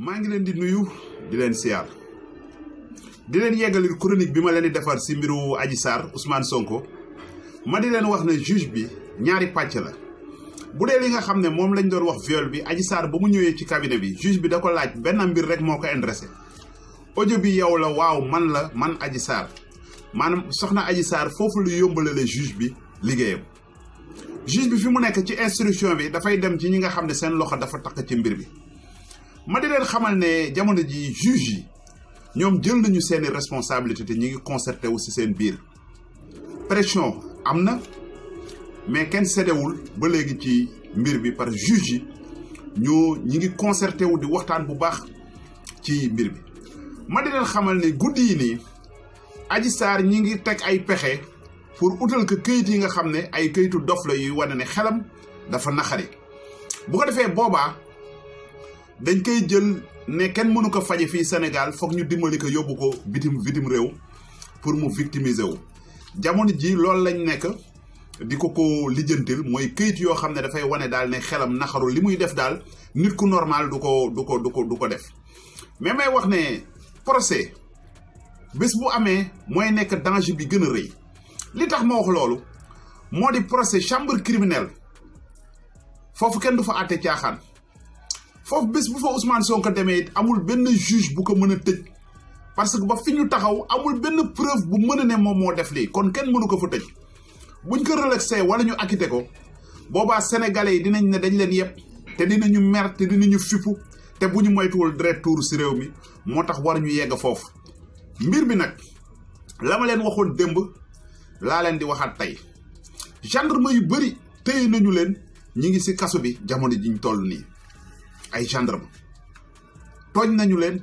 maa ngi leen di nuyu di leen siyaar di leen yeggalil chronique bi ma leen di defar si mbiru Adji saar Ousmane Sonko ma di leen wax ne juge bi ñaari pàcc la bu dee li nga xam ne moom lañ doon wax viol bi aji saar ba mu ñëwee ci cabinet bi juge bi da ko laaj benn mbir rek moo ko intéressé audio bi yow la waaw man la man aji saar maanaam soxna Adji Sarr foofu lu yombalale juge bi liggéeyam juge bi fi mu nekk ci instruction bi dafay dem ci ñi nga xam ne seen loxo dafa takk ci mbir bi ma di xamal ne jamono ji juge yi ñoom jël nañu seeni responsabilité te ñu ngi concerté wu si seen biir pression am na mais kenn séddewul ba léegi ci mbir bi par juge yi ñoo ñi ngi concerté wu di waxtaan bu baax ci mbir bi ma di xamal ne guddi yi nii Adji Sarr ñi ngi teg ay pexe pour utal ko këyit yi nga xam ne ay këyitu dof la yuy wane ne xelam dafa naxari bu ko defee boobaa dañ koy jël ne kenn mënu ko faje fii Sénégal foog ñu dimbali ko yóbbu ko bitim bitim réew pour mu victimiser wu jamono ji loolu lañ nekk di ko ko lijjantil mooy këyit yoo xam ne dafay wane daal ne xelam naxaru li muy def daal nit ku normal du ko du ko du ko du ko def mais may wax ne procès bés bu amee mooy nekk danger bi gën a rëy li tax ma wax loolu moo di procès chambre criminelle foofu kenn du fa àtte caaxaan foofu bés bu fa Ousmane Sonko demee it amul benn juge bu ko mën a tëj parce que ba fi ñu taxaw amul benn preuve bu mën a ne moom moo def lii kon kenn mënu ko fa tëj buñ ko relaxé wala ñu acquitté ko boobaa sénégalais yi dinañ ne dañ leen yëpp te dinañu mer te dinañu fippu te bu ñu moytuwul direct tour si réew mi moo tax war ñu yegg foofu mbir mi nag la ma leen waxoon démb laa leen di waxaat tey gendarme yu bëri téye nañu leen ñi ngi si kaso bi jamono jiñ toll nii ay gendarme tooñ nañu leen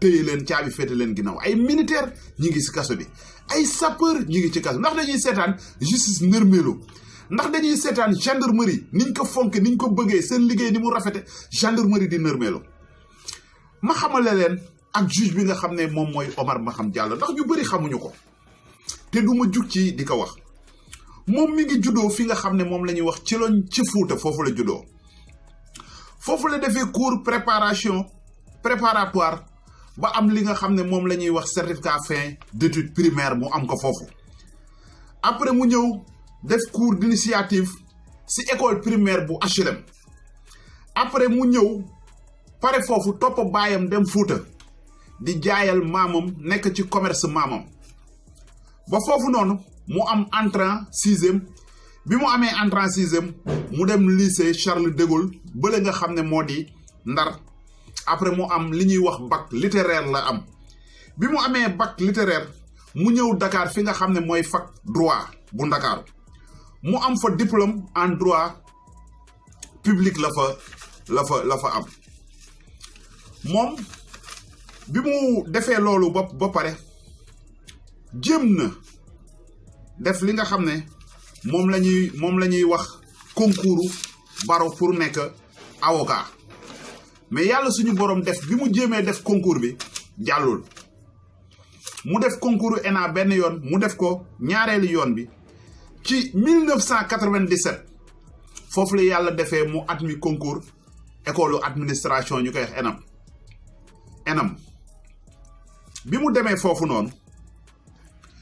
téye leen caabi féete leen ginnaaw ay militaire ñi ngi ci kaso bi ay sapeur ñi ngi ci kaso ndax dañuy seetaan justice nërmeelu ndax dañuy seetaan gendarmerie niñ ko fonke niñ ko bëggee seen liggéey ni mu rafete gendarmerie di nërmeelu ma xamale leen ak juge bi nga xam ne moom mooy Omar Maham jàll ndax ñu bari xamuñu ko te duma ma jug ci di ko wax moom mi ngi juddoo fi nga xam ne moom la ñuy wax ci loñ ci Fuuta foofu la juddoo foofu la defee cours préparation préparatoire ba am li nga xam ne moom la ñuy wax certificat fin d'étude primaire mu am ko foofu après mu ñëw def cours d'initiative si école primaire bu HLM après mu ñëw pare foofu topp baayam dem Fuuta di jaayal maamam nekk ci commerce maamam ba foofu noonu mu am entrant sixième bi mu amee entrée mu dem lycée Charles de Gaulle nga xam ne moo di ndar après mu am li ñuy wax bac littéraire la am bi mu amee bac littéraire mu ñëw dakaar fi nga xam ne mooy fac droit bu Ndakaaru mu am fa diplôme en droit public la fa la fa la fa am moom bi mu defee loolu ba ba pare jëm na def li nga xam ne moom la ñuy moom la ñuy wax concours Baro pour nekk avocat mais yàlla suñu borom def bi mu jéemee def concours bi jàllul mu def concours enaa benn yoon mu def ko ñaareelu yoon bi ci 1997 foofu la yàlla defee mu admis concours école administration ñu koy wax ENAM ENAM bi mu demee foofu noonu.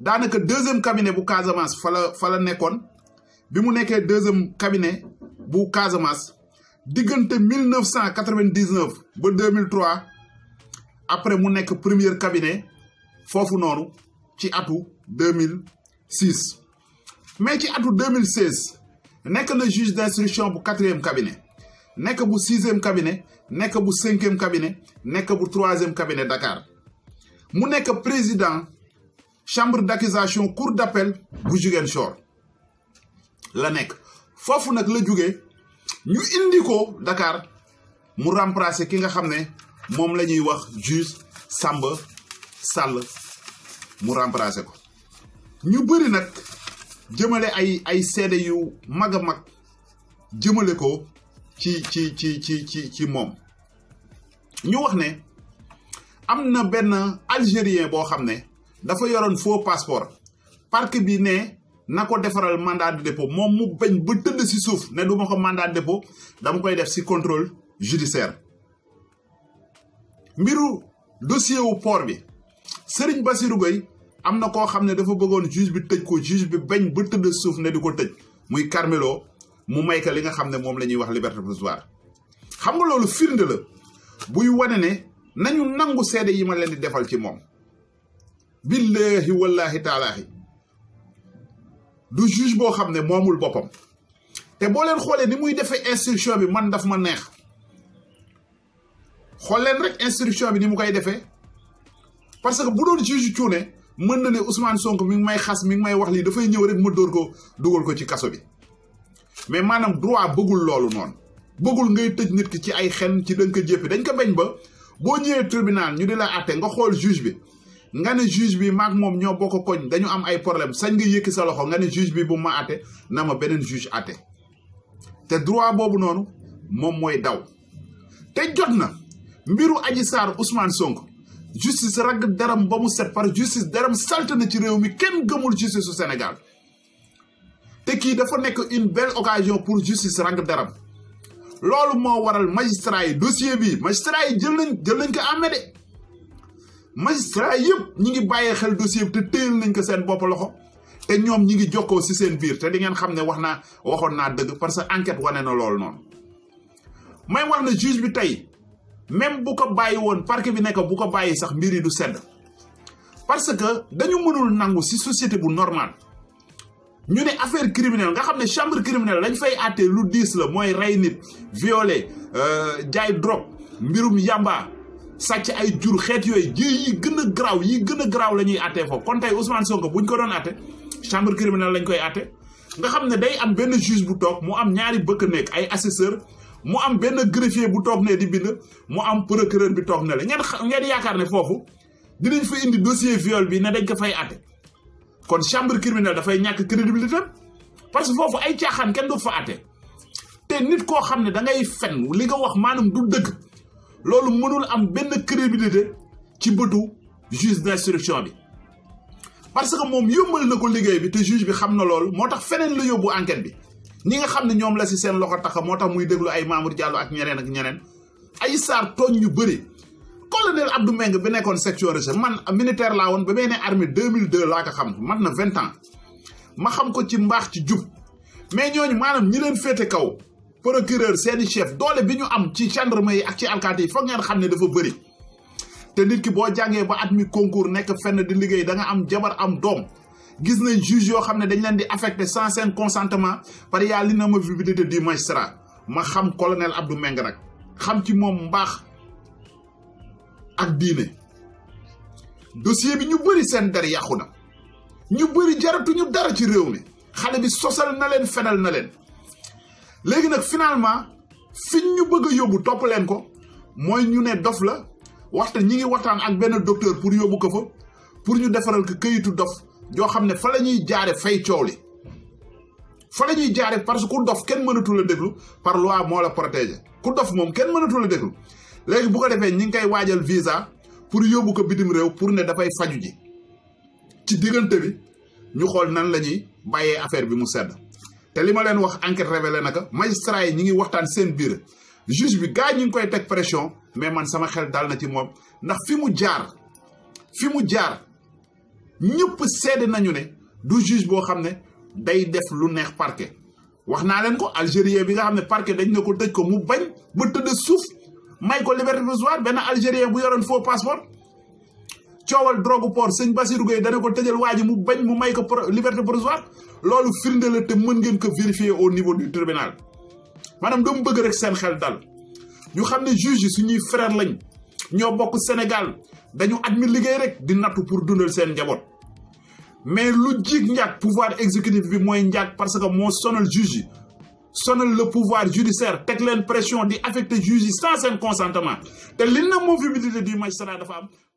daanaka deuxième cabinet bu Casamance fa la fa nekkoon bi mu nekkee deuxième cabinet bu Casamance diggante mille neuf cent quatre vingt dix ba deux mille après mu nekk premier cabinet foofu noonu ci atu deux mille six mais ci atu deux mille seize nekk na juge d'instruction bu quatrième cabinet nekk bu sixième cabinet nekk bu cinquième cabinet nekk bu troisième cabinet mu nekk président chambre d'accusation cour d'appel bu Ziguinchor la nekk foofu nag la jóge ñu indi ko Dakar mu remplacer ki nga xam ne moom la ñuy wax juge Samba Sall mu remplacer ko ñu bëri nag jëmale ay ay seede yu mag a mag jëmale ko ci ci ci ci ci ci moom ñu wax ne am na benn algérien boo xam ne dafa yoroon faux passeport parc bi ne na ko defaral mandat de moom mu bañ ba tëdd si suuf ne du ma ko mandat de dama koy def si contrôle judiciaire mbiru dossier wu port bi sëriñ basiru Gueye am na koo xam ne dafa bëggoon juge bi tëj ko juge bi bañ ba tëdd suuf ne du ko tëj muy Carmelo mu may li nga xam ne moom la ñuy wax liberté provisoire xam nga loolu firnde la buy wane ne nañu nangu seede yi ma leen di defal ci moom billahi wallahi taalaahi du juge boo xam ne moomul boppam te boo leen xoolee ni muy defee instruction bi man daf ma neex xool leen rek instruction bi ni mu koy defee parce que bu doon juge cuune mën na ne Ousmane Sonko mi ngi may xas mi ngi may wax lii dafay ñëw rek ma dóor ko dugal ko ci kaso bi mais maanaam droit bëggul loolu noonu bëggul ngay tëj nit ki ci ay xen ci dañ ko jéppi dañ ko bañ ba boo ñëwee tribunal ñu di laa àtte nga xool juge bi nga ne juge bi maak moom ñoo bokk koñ dañu am ay problème sañ nga yëkki sa loxo nga ne juge bi bu ma àtte na ma beneen juge àtte te droit boobu noonu moom mooy daw te jot na mbiru Adji Sarr Ousmane Sonko justice ragg deram ba mu set par justice deram salte na ci réew mi kenn gëmul justice su senegal te kii dafa nekk une benn occasion pour justice ragg deram loolu moo waral magistrat yi dossier bi magistrat yi jël nañ jël nañ ko amee de magistrat yëpp ñi ngi bàyyee xel dossier bi te téyel nañ ko seen bopp loxo te ñoom ñi ngi jokkoo si seen biir te di ngeen xam ne wax naa waxoon naa dëgg parce que enquête wane na loolu noonu may wax na juge bi tey même bu ko bàyyi woon parquet bi nekk bu ko bàyyi sax mbir yi du sedd parce que dañu mënul nangu si société bu normal ñu ne affaire criminelle nga xam ne chambre criminelle lañ fay àttee lu diis la mooy rey nit violé euh, jaay drogue mbirum yamba sàcc ay jur xeet yooyu yi gën a garaaw yi gën a garaaw la ñuy àttee foofu kon tey Ousmane buñ ko doon àtte chambre criminelle lañ koy àtte nga xam ne day am benn juge bu toog mu am ñaari bëkk nekk ay assesseur mu am benn greffier bu toog ne di bind mu am procureur bi toog ne la ngeen ngeen yaakaar ne foofu dinañ fa indi dossier viol bi ne dañ ko fay àtte kon chambre criminelle dafay ñàkk crédibilité parce que foofu ay caaxaan kenn du fa àtte te nit koo xam ne da ngay fen li nga wax maanaam du dëgg. loolu mënul am benn crédibilité ci bëtu juge d'instruction bi parce que moom yëmbal na ko liggéey bi te juge bi xam na loolu moo tax feneen la yóbbu enquête bi ñi nga xam ne ñoom la si seen loxo taxa moo tax muy déglu ay Mamour Diallo ak ñeneen ak ñeneen ay saar tooñ ñu bëri colonel Abdou Meng bi nekkoon section recherche man militaire laa woon ba may ne armée 2002 laa ko xam mat na vingt ans ma xam ko ci mbaax ci jub mais ñooñu maanaam ñi leen féete kaw procureur seeni chef doole bi ñu am ci gendarme yi ak ci alkaati yi foog ngeen xam ne dafa bëri te nit ki boo jàngee ba at mi concours nekk fenn di liggéey danga am jabar am doom gis nañ juge yoo xam ne dañ leen di affecté sans seen consentement par y a l'inamovibilité du magistrat ma xam colonel ab Meng nag xam ci moom mbaax ak diine dossier bi ñu bëri seen der yàqu na ñu bëri jaratuñu dara ci réew mi xale bi sosal na leen fenal na leen léegi nag finalement fi ñu bëgg a yóbbu topp leen ko mooy ñu ne dof la waxta ñi ngi waxtaan ak benn docteur pour yóbbu ko fa pour ñu defaral ko këyitu dof joo xam ne fa la ñuy jaare fay coow li fa la ñuy jaare parce que ku dof kenn mënatu la déglu par loi moo la protéger ku dof moom kenn mënatu la déglu léegi bu ko defee ñi ngi koy waajal visa pour yóbbu ko bitim réew pour ne dafay faju ji ci diggante bi ñu xool nan la ñuy bàyyee affaire bi mu sedd te li ma wax enquête révélé naka magistrat yi ñi ngi waxtaan seen biir juge bi gars ñi ngi koy teg pression mais man sama xel dal na ci moom ndax fi mu jaar fi mu jaar ñëpp seede nañu ne du juge boo xam day def lu neex parquet wax naa leen ko algérien bi nga xam parquet dañ ne ko tëj ko mu bañ ba tëdd suuf may ko liberté provisoire benn algérien bu yoroon faux passeport coowal drogue port sëñ Bassirou Gueye dana ko tejeul waa mu bagn mu may ko liberté provisoire lolou firnde la te meun ngeen ko vérifier au niveau du tribunal manam dama beug rek sen xel dal ñu xamné juge yi suñuy frère lañ ñoo bokk Sénégal dañu at mi rek di nattu pour dundal sen njaboot mais lu jiig ñak pouvoir exécutif bi moy ñak parce que mo sonal juge sonal le pouvoir judiciaire tek leen pression di affecté juge sans seen consentement te li mo moom mobilité du magistrat dafa am